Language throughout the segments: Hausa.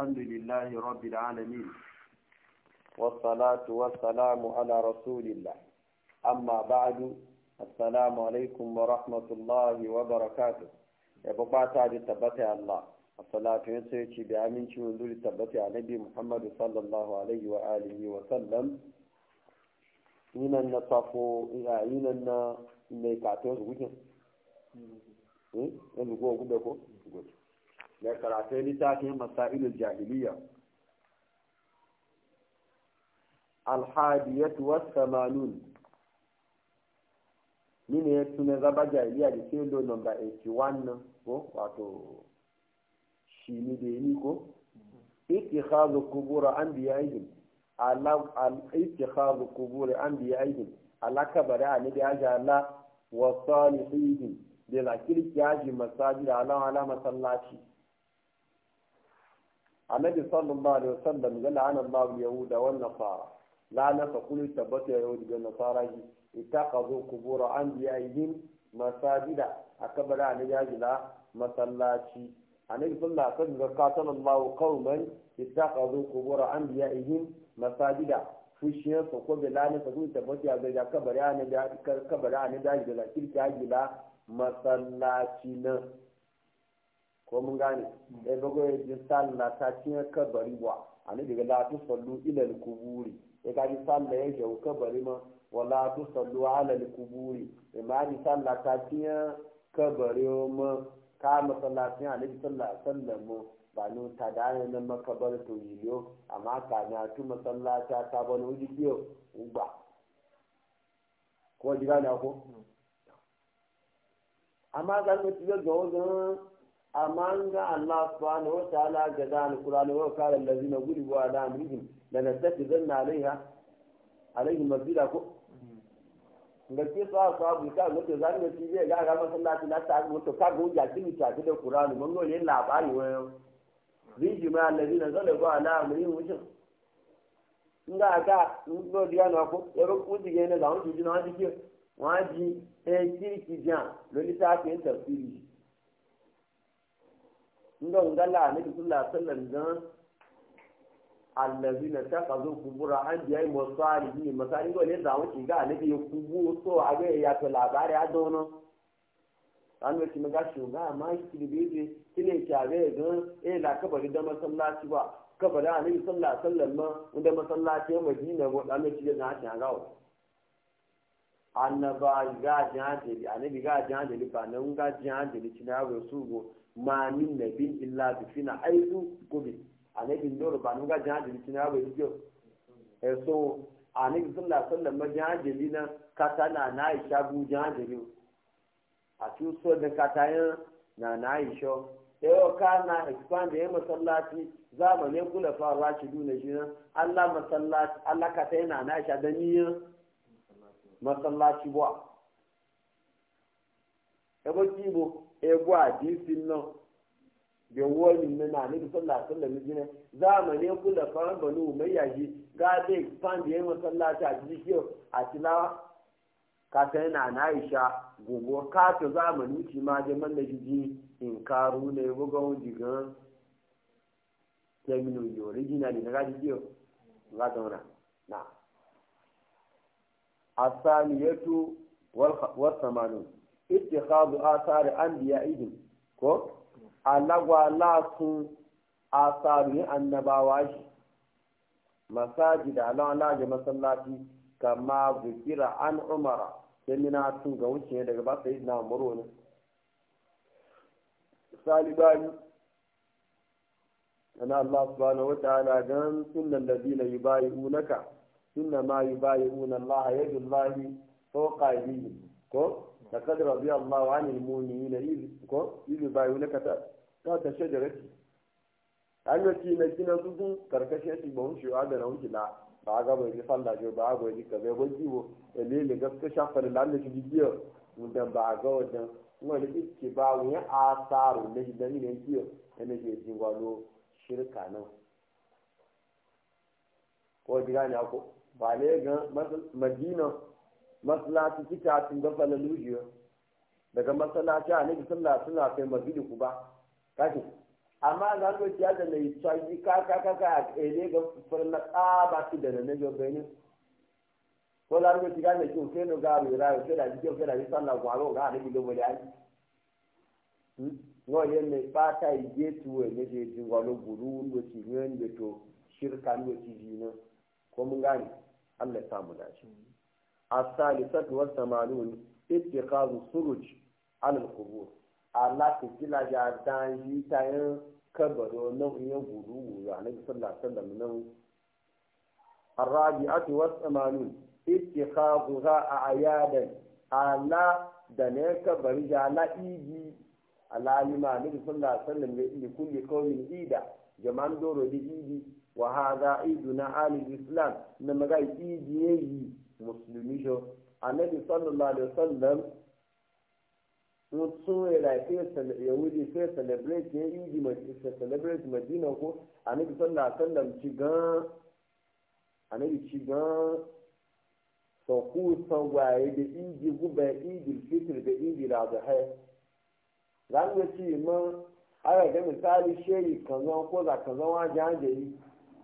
الحمد لله رب العالمين والصلاة والسلام على رسول الله أما بعد السلام عليكم ورحمة الله وبركاته يبقى تعالى تبتع الله الصلاة ينسيتي بأمين شمندور تبتع نبي محمد صلى الله عليه وآله وسلم هنا نصفو هنا نصفو إنه يكاتوز وجه إيه؟ إنه يقول da karatun littafin masailul jahiliya alhadiyatu wasamanun nini ya tuna zaba jahiliya da ke lo nomba 81 nan ko wato shi ni da yi ko ittikhadhu qubur anbiya'ihim ala al-ittikhadhu qubur anbiya'ihim ala kabara anbi aja ala wa salihihim da lakirki aji masajid ala ala masallaci annabi sallallahu alaihi wasallam ga la'ana Allah yahuda wa nasara la'ana fa kullu tabbata yahud wa nasara ji itaqazu qubur anbiya'ihim masajida akabara an ya gila masallaci annabi sallallahu alaihi wasallam ga qatala Allah qauman itaqazu qubur anbiya'ihim masajida fushiyar sa ko bila ne fa kullu tabbata ga kabara ne da kabara ne da kirki ya gila masallaci na ko mun gane ɗaya bago ya ji sallah ta cinye kabari wa a ne daga la tu sallu ilal kuburi ya e ka ji sallah ya jau kabari ma wa latu tu sallu alal kuburi ya e ma ji sallah ta cinye kabari ma ka masallacin a ne ji sallah sallah mu ba ni ta dane na makabar to yiyo amma ka na tu masallata ta bani wuji kiyo ba ko ji gane ko mm. amma zan ga ci zo ga amma an ga Allah subhanahu wa ta'ala ga da alqur'ani wa qala allazina na ala amrihim lanattakhizanna alaiha alaihi masjida ko ga a sabu ka ga to zan ga ga ga na ta ga ka ya ta qur'ani mun ga yin labari wayo riji ma allazina zalabu ala amrihim wajin nga ga ngo na ko ku da on ji na ji ke wa ji e kiri ki jan lo ni ta ke tafsiri nga ngala anabi sallallahu alaihi wasallam na allazina kazo kubura an biya masali ni masali ko ne zawo ki ga anabi yo kubu so aga ya to labari a dono an ne ki maga shi ga ma shi da bebe kine ki a ga eh la kabari da masallaci ba kabari anabi sallallahu ma wasallam da masallaci Madina ko da ne ki ga na ta gawo annaba ga ani annabi ga jihadili ba nan ga jihadili na yaro su go ma min nabin illa bi fina aizu gobe annabi ndoro ba nan ga jihadili na yaro su e eh, so annabi sallallahu alaihi wasallam ma jihadili na katana na Aisha bu jihadili a tu so da ya na na e eh, o yau na expand ya masallaci zamanin kula fa rashidu na jina Allah masallaci Allah katayana na na Aisha da niyan masallaci ba ebe kibo ego hadisin nan da wani nuna ne da sallah ma ne jina zamanin kula faran bani umayya ji ga da expand yayin masallaci a cikin a tilawa ka ta yana na aisha gogo ka to ta zamani ci ma da man da jiji in karu ne buga wani gan kemino yi original ne ga jiji ga zauna na asaniyatu wal samanu ittikhadu asari anbiya idin ko alagwa la su asari annabawa shi da ala alaji masallaci kama zikira an umara sai tun ga wuce daga ba sai na umaru ne salibani ana allah subhanahu wa ta'ala sunan da zina yi unaka inna ma yubayi'una Allah yadullahi fawqa aydihim ko laqad radiya Allahu 'anil mu'minina iz ko yubayyi'unaka ta ta shajarati na kina zugun karkashin na ba hunshi wa da raunki la ba ga bai ji falla jo ba ga ji ka bai bai jiwo ele le gaskiya shafa da lalle shi biyo mun dan ba ga wajen wani iske ba wani asaru na shi dan ne biyo ne ke jingwalo shirka nan ko ba ne ga madina masallaci kita sun ga falalu jiya daga masallaci a nabi sallah suna kai madina ku ba kashi amma za ku ciya da mai tsayi ka ka ka ka a kele ga farna ba su da nan yau bayanin ko za ku ciya da kyau sai no ga mai rayu ke da jikin sai da yi sallah gwaro ga nabi ga wani aji hmm? wọ́n yẹn lè pátá ìdíyẹ tu ẹ̀ méjèèjì wọn ló gbòòrò ń lò sí ne ẹ̀ ń lò tó ṣírkà ń lò sí yìí náà kọ́mú gáàrí. Allah ya samu dace as-salisatu wa samanun ittiqazu suruj ala al-qubur Allah ta kila ya dan yi tayin kabaro nan yan gudu gudu annabi sallallahu alaihi wasallam nan الرابعة والثمانون اتخاذها أعيادا على دنيك برج على إيجي على علم النبي صلى الله عليه وسلم لكل قوم Jama'an doro دور idi wa hada iduna ali islam na maga ijiye yi musulmi jo annabi sallallahu alaihi wasallam mutum ya da ya sai celebrate ya e sai e celebrate madina ko annabi sallallahu alaihi wasallam ci gan annabi ci gan sauku sauwaye da iji guba iji fitir da iji razahai za mu ci ma ana ga misali shehi ko za wajen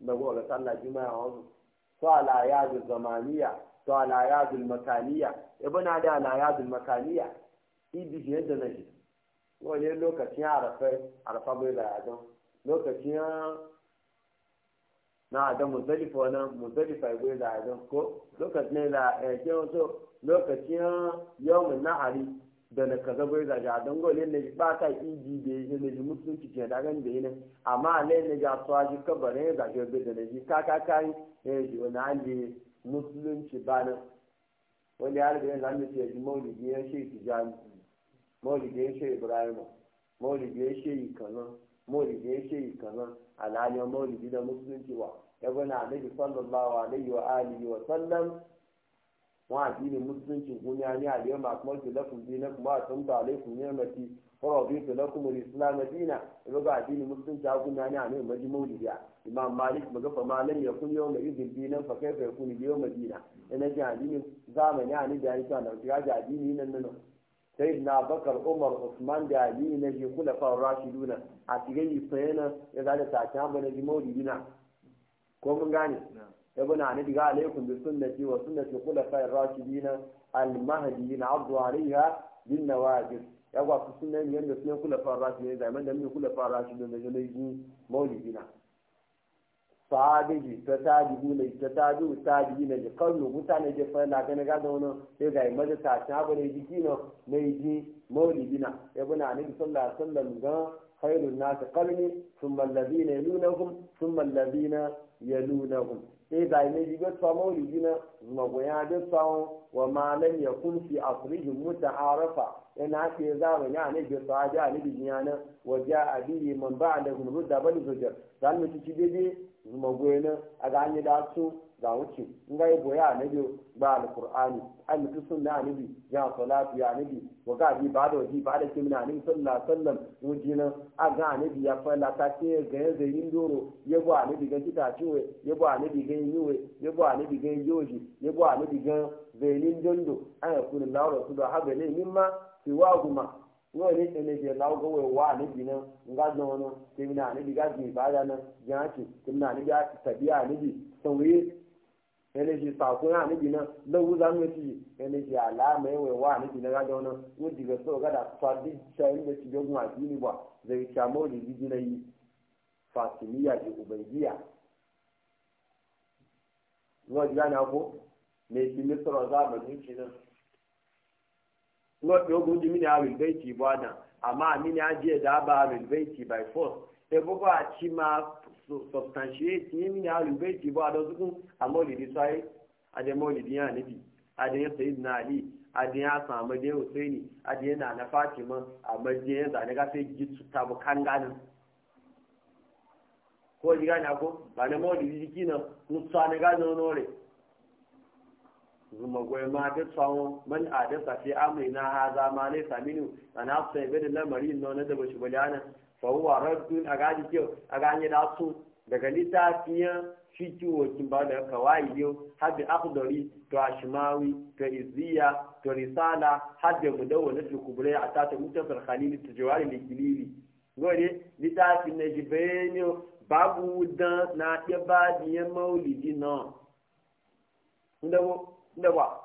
نقول لك الله جماعة عمر سؤال آيات الزمانية سؤال آيات المكانية ابن على الآيات المكانية إيدي جهد نجد wani lokacin arafai arafa bai da adam lokacin na adam muzalifa wani muzalifa ko lokacin da ya eh, ke wato lokacin yawon nahari da na kaza bai da ja don gole ne ba ta iji da ya ne ji musulunci ke da gani da ne amma ne ne ga so ji kabarin da ga bai da ne ji ka ka kai ne ji wani ji musulunci ba nan wani har yin zan an ya ji maulidi ya shi tijani maulidi ya shi ibrahim maulidi ya shi kaza maulidi ya shi kaza alhalin maulidi da musulunci wa ya gwana ji sallallahu alaihi wa alihi wa sallam wa addinin musulunci kun ya ni aliyar ma kuma ki lakum dinakum iná atamta alaikum tó wa raditu lakum al-islam dina idan ga addinin musulunci ha kun ya ni anan maji maulidiya imam malik maga fa malam ya kun yawma idin dinan fa kaifa yakunu yawma dina ina addinin zamani ya da سيدنا بكر عمر عثمان دا علي نجي خلفاء الراشدون اتيجي فينا اذا تعتام بنجي مولدنا غاني ابن عنيد قال عليكم بسنتي وسنة الخلفاء الراشدين المهديين عضوا عليها بالنواجذ yawa su sunan yin da sunan kula fara shi ne zaman da mun kula fara shi don da jalaiji maulidina sahabi ta tabi'u ne ta ta tabi'i ne da kallo mutane da fa la kana ga da wannan sai ga imma ta ta ba ne jiki no ne ji maulidina ibn ali sallallahu alaihi wasallam ga khairun nas qalni sun mallabi na thumma alladhina yalunhum sai da ne ji ga tsamo rijina magoya da tsawon wa malam ya kunfi a furijin muta arafa yana ke zamani a ne ga tsawa ja ne bijiya na wa ja a man ba da hulhur da bani zojar zalmi ci ci daidai magoya na a ga an da su ga wuce nga ga yabo ya nabi ba alqur'ani ai mutu sunna ya salatu ya wa ga bi ba da waji ba da kimin annabi sallallahu wujina a ga anabi ya falla ta ce ga yanzu yin doro yabo annabi ga kita ciwe yabo annabi ga yiwe yabo annabi ga yoji yabo annabi ga zainin dondo an yakuna lahu rasulu haba ne mimma siwahuma wọ́n ní tẹ̀lé jẹ láwùgọ́wé wà níbi nga dán ọ́nà tèmi náà níbi yana shi sakon ya na nan lau za mu ci yana ala wa na gaga wani so ga da fadi shayin da ci jogun addini ba zai shamo da jiji na yi fatimiya da ubangiya ruwa ji ko me shi za a rilbaiti ba nan amma da ba by force ebogo a ma substantiate yi mini alube ti bo adozukun amolidi sai ademolidi ya nibi adiyan sayid na ali adiyan asan amadiyan husaini adiyan na na fatima amadiyan zane ga sai ji kan ganin ko ji gani ako ba na molidi jiki na mutuwa na gani zuma ma da tsawon man adasa fi amrina ha ne na wani da bashi bali anan fahuwa raddun a gaji kyau a ganye da su daga littafiyan fiki wakin ba da kawai yau har da akhdari to ashmawi to izziya to risala har da mudawwana fi kubrai a tata mutasar khalil da likilili gode littafin na jibeniyo babu dan na ɗaya ba biyan maulidi nan ndawa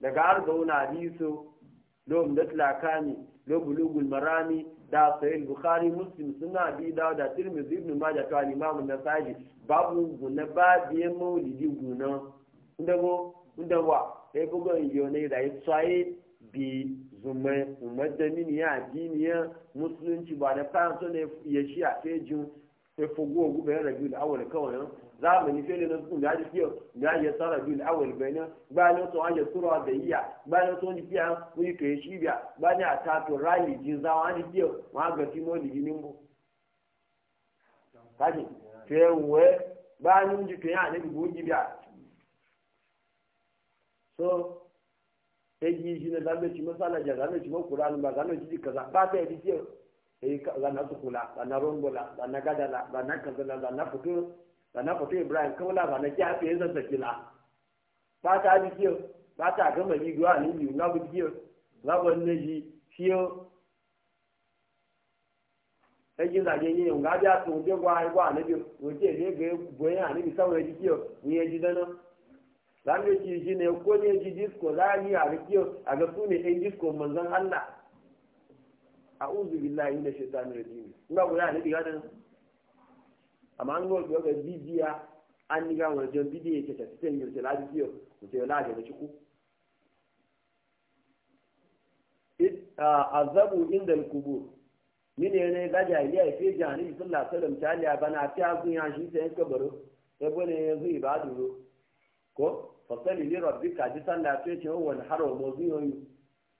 daga arzauna hadisu lo mdatla kani lo bulugul marami da sayin bukhari muslim suna bi da da tirmidhi ibn majah to al imam an-nasa'i babu guna ba biye maulidi guna ndago ndawa sai bugo yo ne da sai bi zuma umadani ya dini ya musulunci ba da so ne ya a sai jin sai fugo gube rabiul awwal kawai zamani fele na sun da jiyo ga ya tsara bil awal bayan bayan to an ya tsura da iya bayan to ni fiya mu yi kai shi biya bayan a ta to rali za zawa ni fiyo ma ga ti mo di ginin bu kaji fe we bayan ji to ya ne bu ji biya so ta e ji shi na zabe ci masala ja zabe ci mo qur'an ba ji ci kaza ba ta yi fiyo sai e ga na tukula ga na rombola zana na gadala ga na kazala zana na sana fito ibrahim kan la bana ki ape yanzu da kila ba ta ji kiyo ba ta gama yi duwa ni na bu kiyo na bu ne ji kiyo ji zage ni nga ja to de gwa ai gwa ne biyu wo je ne ga boya ni bi na ji kiyo ni ye ji dana dan ne ji ji ne ko ne ji disco za ni a a ga su ne ɗan disco manzon Allah a'udhu billahi minash rajim ne bi ga dana amma an gobe yoga bidiya an niga wajen bidiya ke tafi sai yau tela ta mutum yana da ciku azabu inda kubur mine ne ga jahiliya ya fi jahani sallah sallam ta liya bana ta gun ya shi sai kabaro sai bane yanzu ibadu ko fasali li rabbika ji sallah sai ce wani haramu zuwa yi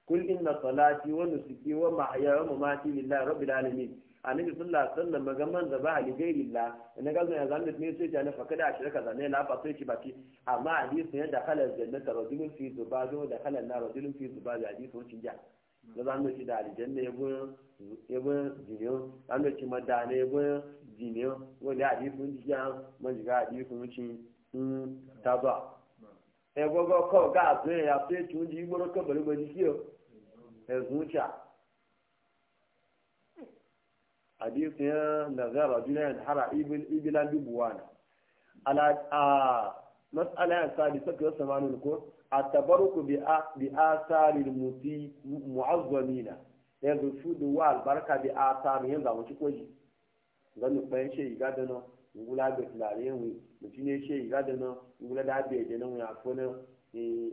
kul inna salati wa nusuki wa mahyaya wa mamati lillahi rabbil alamin annabi sallallahu alaihi wasallam magaman da ba ali gairi la na ga zan zan ne sai ta na fakada a shirka zanne la fa sai ki baki amma hadisi ne da halal jannata rajulun fi zubajo da halal na rajulun fi zubajo hadisi wancin ja da zan shi da aljanna ya yabo ya jiniyo zan ne madana ya gun jiniyo wanda hadisi wancin ja man jiga hadisi wancin hmm, ta ba e gogo ko ga zai ya sai tun ji goro ka bari ba ji kiyo e zuciya hadisi ya nazar rajula ya hara ibilan dubuwana ala a mas'ala ya sadi saka yasa manul ko atabaruku bi a bi asari muti mu'azzamina ya zufu da wa albarka bi asari yan da wuci koji dan mu bayan shi ga dano tilare shi ga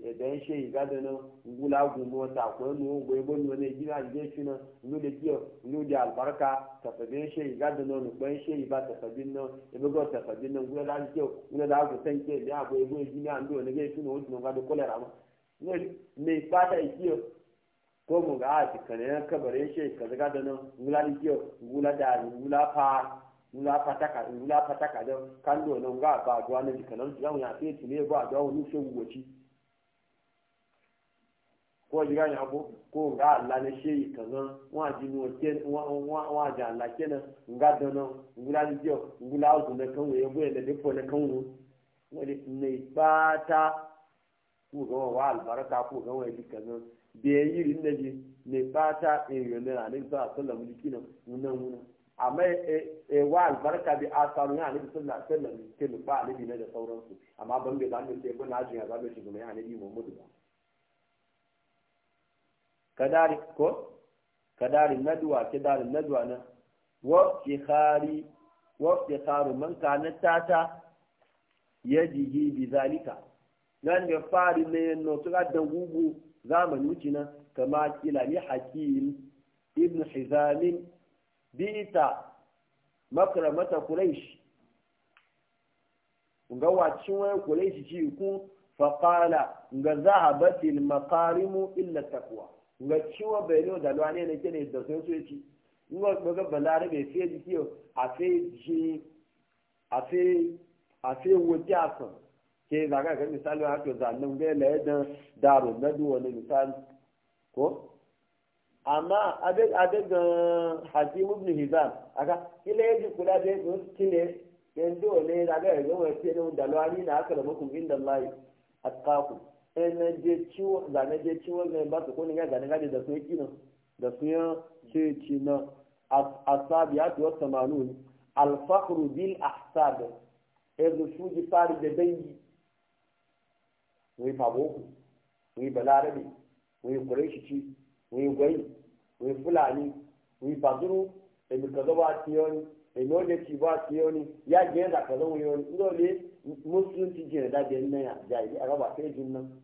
ẹ̀bẹ̀ ń ṣe ìgbádùn náà ngúlá gùnmọ́ tàkùn ẹnu ògbó egbó nínú ní ìgbìmọ̀ àjẹ́ ìṣúná ìlú lè kí ọ ìlú àlùbáríkà tẹ̀fẹ̀bí ṣe ìgbádùn náà nùpẹ́ ṣe ìbá tẹ̀fẹ̀bí náà ebégọ́ tẹ̀fẹ̀bí náà ngúlá láti jẹ́ ngúlá láàgùn sẹ́ńkẹ́ ní àgbo egbó ìgbìmọ̀ àndó onígbẹ́ ìṣúná ó gbádùn rà ko mu ga ati kanen kabarin shi ka zaga da nan ngula ni kiyo ngula da ngula fa ngula pataka ngula pataka da kan do nan ga ba duwa ne kanan ya mu ya ce ne ba duwa ni shi ko ji gane abu ko ga Allah na sheyi kaza wa ji no ke wa ji Allah kenan nga da no ngula ji yo ngula au na kan we bo da depo na kan wo wani ne bata ku ga wa albaraka ku ga wa ji kaza da yi rin da ji ne bata e yo na ne ba sallallahu amma e, e, e wa bi asaru ya nabi sallallahu alaihi wasallam ke ba alibi da sauransu amma ban bai ba ne sai ban ajin ya zabe shi kuma ya nabi Muhammadu ba kadari ko kadari nadwa kadari nadwa na wa ikhari wa man kana tata yajihi bi nan da fari ne no to ga dan gugu zamani wuce na kama kila ni hakim ibn hizam bi'ta makramata quraish ga wacin wani quraish ji ku faqala ga zahabatil maqarimu illa takwa. nga ciwo bai ne da lwane ne na ne da so soye ci nga ga balare be fiye ji kiyo a fe ji a fe a fe wote a so ke da ga ga misali ha to da nan ga la da daro na du wani misali ko amma abin abin ga hakim ibn hizam aka kile ji kula da su kile yanzu ne da ga e ga wani fiye da lwane ne na aka da mukum inda Allah atqaqu ene je ciwo zane je ciwo ga ba su kone ga zane gaje da su yaki nan da su yan ceci nan asabi ya tuwa samanun alfahru bil e ahsab su ji fari da dangi wai faboku wai balarabe wai kureshici wai gwai wai fulani wai faduru ebi kaza ba tiyoni ebi oje ci ba tiyoni ya je da kaza wani yoni ndo le musulunci je da da nan ya jayi a raba sai jin nan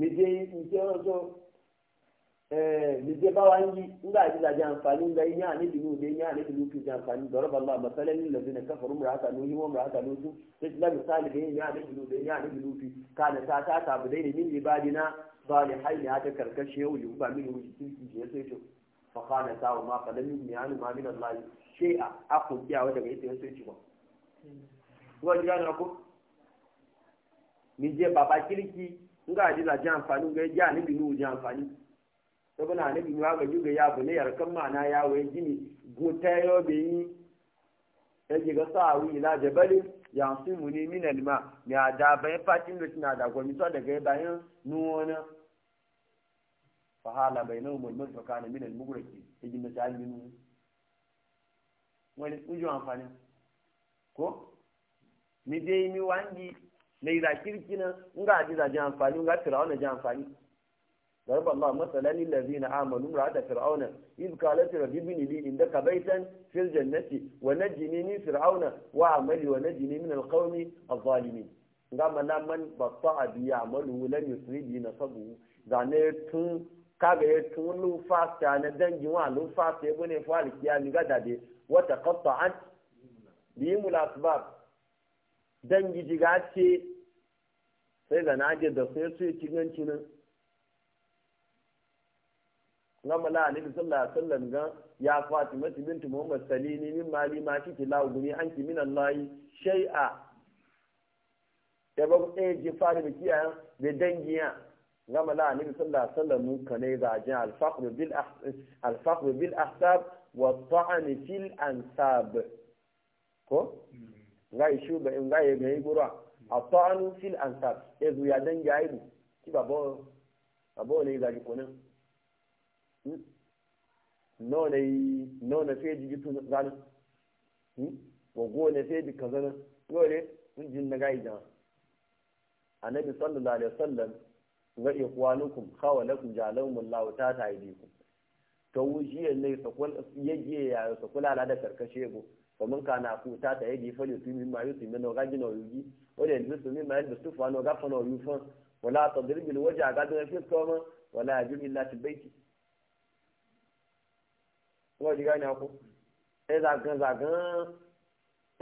mìdíé mìdíé ọjọ́ mìdíé eh, báwa ń yí ńgbà àdìdàjẹ àǹfààní ńgbà yín yá àníbi ní òde yá àníbi ní òkèjì àǹfààní dọ̀rọ̀ bàbá àmọ̀sálẹ̀ ní ìlọ̀dún ní káfọ̀rọ̀ mùràkà ní oníwọ̀n mùràkà ní ojú tètè lábì sáàlì ní yá àníbi ní òde yá ní òkè káàdì tá a tá a tà àbùdé ní níbi bá dina bá ní hàìlì àti kàrkàṣe òyìnbó kiyawa daga ita ko je kirki nga ji la jan amfani ga ya ni binu fani to bana ne binu ga ju ga ya bu ne yar kan mana ya wai gini gota yo be yi e ji ga la ila bali ya su mu ni min alma ya da bai fatin e da tana da gomi to daga bayan e nuwana fahala bainahum almut fa kana min almughraqi yaji misali minu wani ujo amfani ko mi dai mi wangi na yi kirki nan aji ga ajiza ji amfani ga fir'auna ji amfani garba Allah masalani lazi na amalu mura da fir'auna iz kalati rabbi ni li inda kabaitan fil jannati wa najini min fir'auna wa amali wa najini min alqawmi adh-dhalimin ga man man batta abi amalu lan yusridi nasabu ga ne tun kaga ya tun lu fasta na dangin wa lu fasta ibn falik ya ni gada de wa taqatta'at bi mulasbab dangi jigace sai da na ajiye da su ya suye ciganci nan gama la alaihi sallallahu alaihi wasallam ga ya fatima bintu muhammad salini min mali ma kike la an ki min allahi shai'a ya ba ku ɗaya ji fari da kiyaye da dangiya gama la alaihi sallallahu a wasallam mun kane ga ajin al-faqr bil ah, al bil ahsab wa ta'ani fil ansab ko ga ishu ga in ga ga yi gura atanu fil ezu àtọ́ánú fíl ansap ẹ̀rù ìyàdẹ́njẹ àìbù kí bàbá ọ̀nà ìgbàjì no náà náà na fẹ́ jìgì tún go wọ̀gbọ́n na ji kaza kan zánà lóore mun jin na gaida jan annabi sallallahu alaihi wasallam ga ikwanukum khawa lakum jalawum allah ta ta idikum to wuji ne sakul yaje ya sakula ala da karkashe go kuma kana ku ta ta yadi fa yutu min ma yutu min ga no yuji wọ́n lè mi ní màá lùsùn fún àwọn ọ̀gá fún ọ̀rù fún wọn láà tọ̀ dérí gbèlú wọ́jà àgádó ẹ fi kọ́ mọ́ wọn láà ju mi láti bẹ́ẹ̀kì. wọ́n ti ká ní akó ẹ zàgán zàgán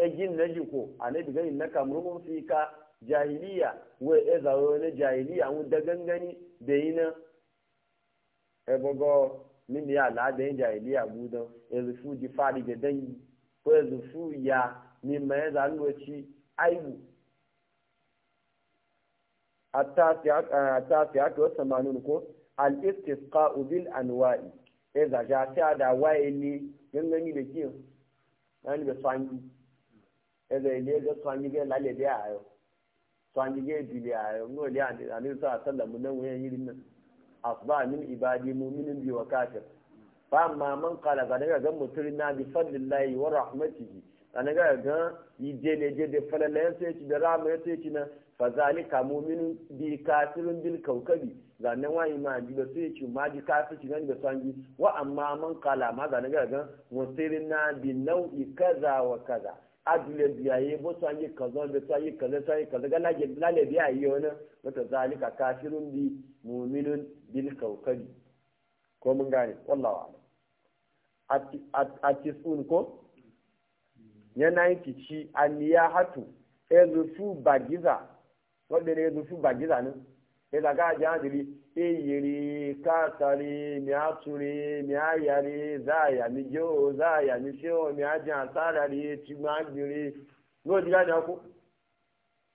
ẹ jí nìyẹn jù kó àlẹ́ ìdìgẹ́ yìí nẹ́ka mú wọn fi ka jahiliya wọ́n ẹ zàwọ́ ní jahiliya àwọn dẹ́gẹ́ngẹ́ni bẹ́yìn náà ẹ bọ́gọ́ mi ni àlàádẹ́ jahiliya bú dán ẹ̀rù fún di fáàrí gẹ̀dẹ́ yìí kó ẹ̀rù fún ìyá mi mọ̀ التاسعة والثمانون كو الاستسقاء بالأنواع إذا جاءت هذا وإني ينغني بكيو أنا بسوانجي إذا إليه بسوانجي بيه لالي بيه آيو سوانجي بيه بيه آيو نو ليه عن النبي صلى الله عليه وسلم من وين يريدنا أصبح من عبادي مؤمن بي وكافر فأما من قال غنغا غم مترنا بفضل الله ورحمته غنغا غم يجي نجي دي فلالين سيتي برامة سيتي fa zalika mu'minun bi kafirin bil kaukabi zanen wa imani ba sai ci ma ji ci gani da sanji wa amma man kala ma zanen ga ga na bi nau'i kaza wa kaza adule biyaye bo sanji kaza da sai kaza sai kaza ga laje lale biyaye wannan wata zalika kafirun bi mu'minun bil kaukabi ko mun gane wallahi a a sun ko yana yin ci a niyahatu ezufu bagiza wanda ne zufi ba gida nan ya zaga ji hadiri iyiri katari mi aturi mi ayari zaya mi jo zaya mi aji asarari ti ma gbiri ngo diga ni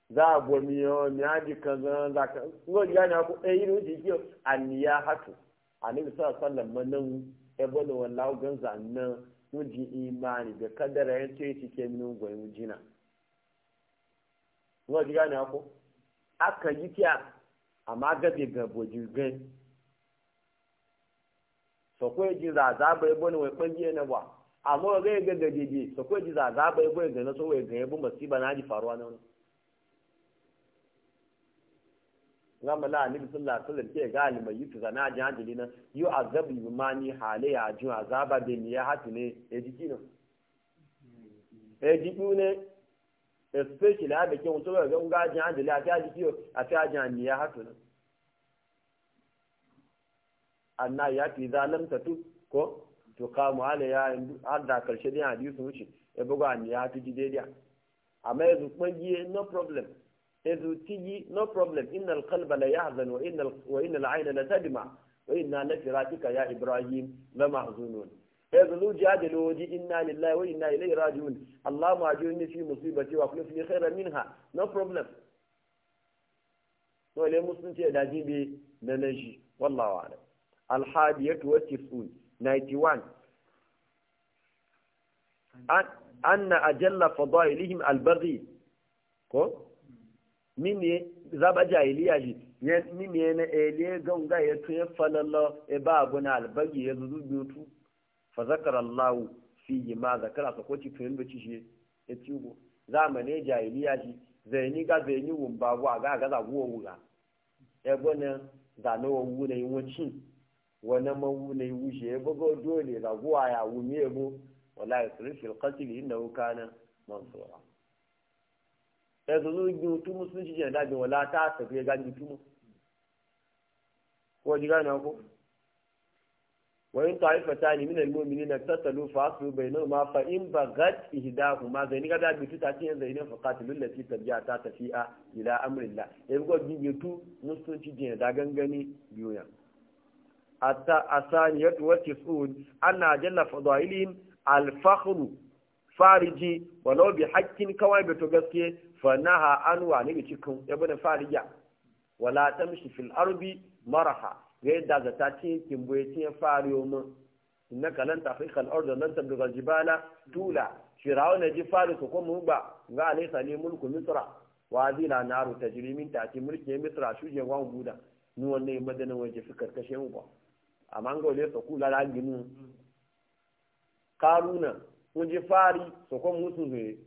za a bo mi aji kazan za ka ngo diga ni ako e yiri uji kiyo aniya hatu anabi sallallahu alaihi wasallam manan ebo da wallahu ganza nan uji imani da kadara yanto yake ke min goyin jina ngo diga ni ako aka yi kiya amma gabe ga bojirgai sakwai ji zaza bai bane wai ɓangiye na ba amma ga ga ga dede sakwai ji za bai bai ga na so wai ga yabu masiba na ji faruwa na wani gama la annabi sallallahu ke ga zana ji na yu azabu yumani halayya ajun azaba ni ya hatu ne especially a bikin wasu ga ga ajin adali a fi ajin kiyo a fi ajin aniya haka nan anna ya fi zalamta tu ko to kamu ala ya har da karshe din hadisi wuce ya bugu aniya ta ji daidai amma yanzu kuma yi no problem yanzu ti yi no problem inna alqalba la yahzan wa inna wa inna al'ayna la tadma wa inna la firatika ya ibrahim la mahzunun ya zulu jadilu waji inna lillahi wa inna ilaihi raji'un Allah ma ajirni fi musibati wa kulli fi khairan minha no problem to le musulunci da bi na naji wallahu a'lam alhadiyatu wa tisun 91 anna ajalla fadailihim albaghi ko mini zaba jahiliya ji mini ne ele gonga ya tuye falalla e ba abuna albaghi ya zuzu biyu fa zakara Allah fi ma zakara ka koci tun da cishe ya ci ciwo zamane jahiliya shi zaini ga zaini wun babu a ga gaza guwa wuga ya gwana wa wuna yi wancin wani mawu wuna yi wuce ya bugo dole za guwa ya wumi ya bu wala ya tsiri fil qatl inna kana mansura ya zuzu gutu musulunci jina dajin wala ta tafiye ga gutu ko ji gane ko wayin ta'ifata ne minal mu'minina tattalu fa aslu ma fa in bagat ihdahuma zai ni ga da bitu ta cin zai fa qatilul lati tarja ta tafi'a ila amrillah yayin go bibi musulunci din da gangani biyoya atta yatu wa tis'un anna jalla fadailin al-fakhru fariji walau bi haqqin kawai bitu gaske fa naha an wa ne cikin ibn fariya wala tamshi fil ardi maraha ga yadda zata ce kimbo ya ce fari mu inna kalan tafiqal ardu lan tabluga jibala tula fir'auna ji fari su ko mu ba ga alisa li mulku misra wa zila naru tajri min ce mulki misra je wa guda ni wannan madana waje fikar kashe mu ba amma ga wale su kula la ginu karuna kun ji fari su ko mutu ne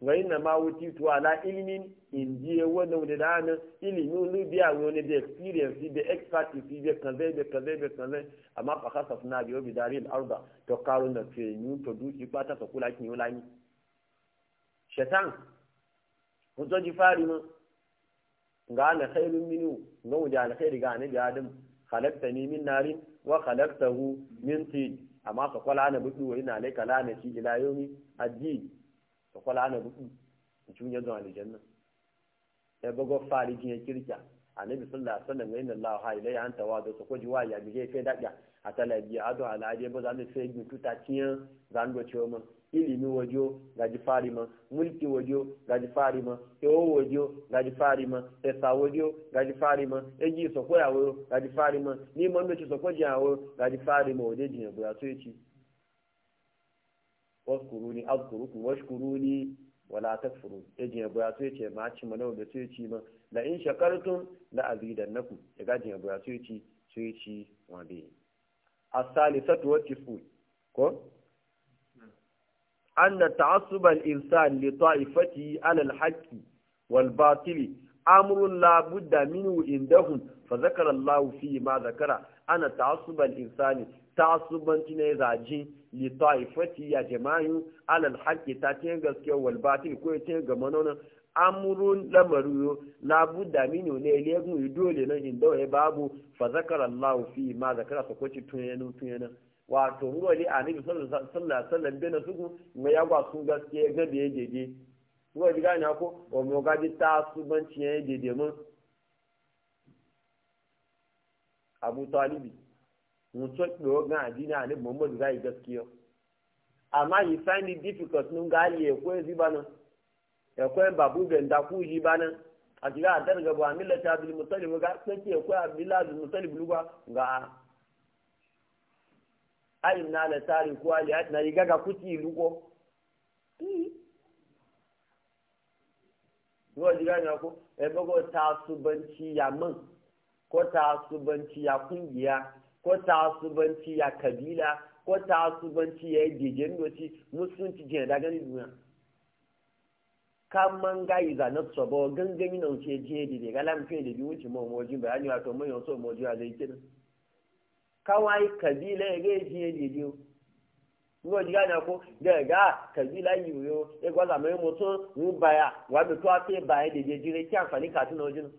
wa inna ma wuti tu ala ilmin indiye wannan da dana ilimi lu biya wani da experience da expertise fi da kaze da kaze da kaze amma fa khasaf na biyo bi daril arda to karo na ce ni to duki ba ta kula kin yola ni shaitan ko to ji fari mu ga na khairun minu ga wuja na khairi ga ne bi adam khalaqtani min narin wa khalaqtahu min tin amma fa kula na budu wa ina laika lana shi ila yawmi ad sokola ana rubu junya don aljanna ya bago fari jinya kirkiya annabi sallallahu alaihi wasallam inna allaha ilayya anta wa da sokoji wa ya bige fe daga atala bi ado ala aje bo mu fe gi tuta tiyan mu do choma ilimi wajo gaji fari ma mulki wajo gaji fari ma ewo wajo gaji fari ma esa wajo gaji fari ma eji sokoya wo gaji fari ma ni mo mechi sokoji awo gaji fari ma wode jinya bo ya ci. waskuruni azkurukum washkuruni wala takfurun yaje boya so yace ma ci mana da so yace ma la in shakartum la azidannakum ya gaje boya so yace so yace wabe bi as-salisatu wa tiful ko anna ta'assub al-insan li ta'ifati ala al-haqqi wal batili amrun la budda minhu indahum fa zakara Allahu fi ma zakara ana ta'assub al-insani tasubanci ne zaji li ta'ifati ya jama'in alal haqqi ta ce gaske wal batil ko ta ga manona amrun lamaru la budda minu ne legun dole nan inda ya babu fa zakara Allah fi ma zakara sa kwaci tunenu tunenu wato ngoli annabi sallallahu alaihi wasallam bin suku mai yagwa su gaskiya gabe yake ko diga na ko o mo ga ta su banci yake dede mun Abu Talibi mutu ɗo gan adini a nabi muhammadu zai gaskiya amma you find it difficult nun ga ali ekwe zi bana ekwe babu ganda ku ji bana a ga a targa ba mila ta abdul mutalib ga sake ekwe abdul abdul mutalib lugwa ga ayin na la tari ko ali na riga ga kuti lugo Ruwa jiga na ko, ebe ko ta subanci ya man ko ta subanci ya kungiya, ko ta'assubanci ya kabila ko ta'assubanci ya gegen doci musulunci jina da gani duniya kaman gayi za na tsoba gangami na wuce jiye dide ga lamfe da biyu wuce ma umarji bayani wato mai yau so umarji a zai kira kawai kabila ya ga jiye dide ngo jiga na ko de ga kabila yi e gwa za mai moto mu baya wa bi to afi baya dide jire ki amfani ka tuna ojinu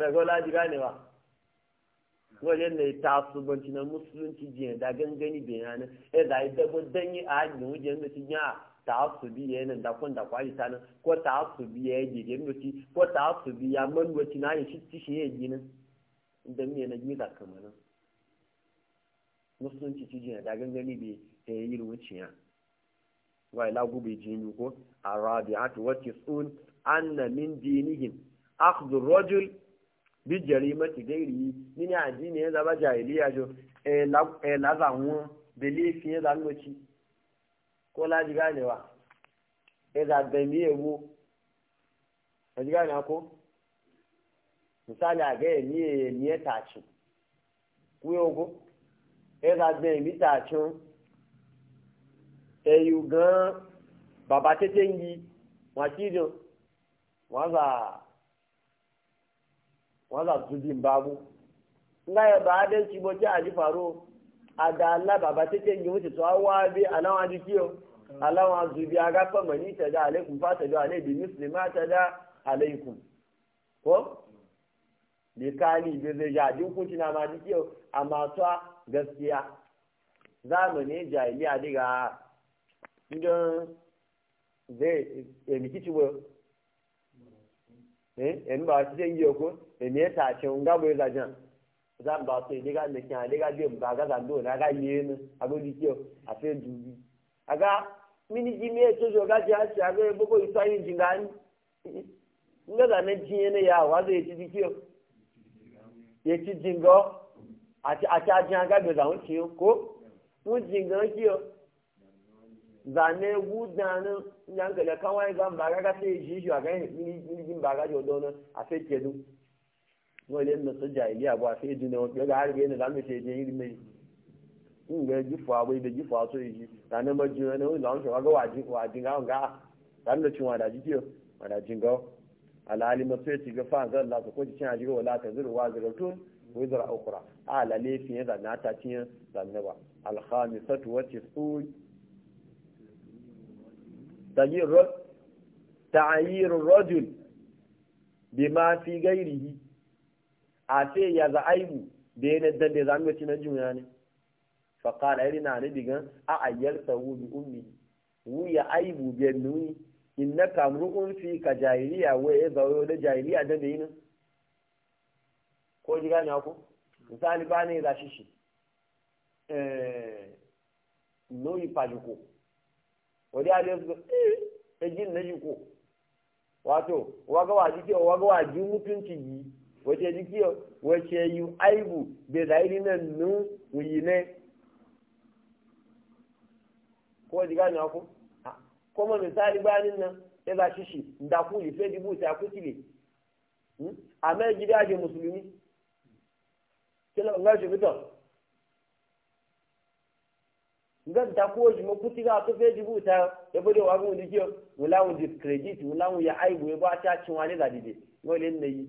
daga wala ganewa wajen da ya na musulunci jiya da gangani ya eh, da ya dabo danyi a hajji wajen da ci ya tasubi ya nan da kun da kwali ta nan ko ya yi jirgin doci ko tasubi ya manwaci na ya shi shi ya yi nan inda miya gina musulunci ci da gangani bai da yi bi jarimati gairi mini addini ya zaba jahiliya jo eh la za won belief ya za ngoci ko la ji ganewa eh za da mi ewu ka ji gane ko misali a gaya ni ni ya ku yogo eh za mi taci eh yu gan baba tete ti wala tudin babu ngaya ba ci bo faro ada baba ngi to awa bi di kiyo alawa zubi aga fa mani ta da alaikum fa ta da alai bi muslima ta da alaikum ko bi kali bi di na ma amma to gaskiya zamani jahiliya diga eh en ba ti ngi èmi ẹ̀ta àti ohun gábò ẹ̀ta jàn zamba ọ̀sẹ̀ ìdíga nìkan àdíga bí òmùgbà agázàndó ní aga yìí ní agbódìkí ọ àti ẹ̀dùnbí. aga mínísí mi ẹ̀ tóṣù ọ̀gá ti àṣẹ abẹ́ gbogbo ìtọ́ ayé jìnnà ní nígbàdà ní jiyẹn ní ya wà á ètí dìkí ọ ètí jìngọ àti àti àti agábẹ̀ làwọn ti ń kó ń jìngọ kí ọ zane wu wani yadda su jahiliya ba sai jina wani ga harbe yana zamu ce je iri mai in ga gifuwa bai da gifuwa so yi ranar majin wani wani zamu shawar ga wajin gawon ga ranar cin wadaji kiyo wadajin gawo masu ya ci gafa a zan lasa ko cikin ajiyar wala ta zira wa zira tun ko zira ukura a da na ta ciye zanne ba alhamisatu wacce su ta'ayir rajul bima fi gairihi a fe ya za aibu da ya ne dan da za mu ci na juna ne fa iri na ne digan a ayyarsa wu bi ummi wu ya aibu bi nuni innaka mru'un fi ka jahiliya wai ya zawo da jahiliya dan da yin ko ji gani ku misali ba ne za shi shi eh noyi pajuko wadi a da eh ejin na jiko wato wagawa jike ke waga mutunci yi wace jikiyo wace yi aibu bai zahiri nan nun wuyi ne ko ji gani ako kuma misali bayanin nan ya za shi shi da yi sai jibu ta kutile hmm? a mai gida ke musulmi kila nga shi fitar nga da ko ji ma kuti ga to fe jibu ta ya bude wa mun dikiyo wala mun discredit wala mun ya aibu ya ba ta cin wani zadide ngole ne yi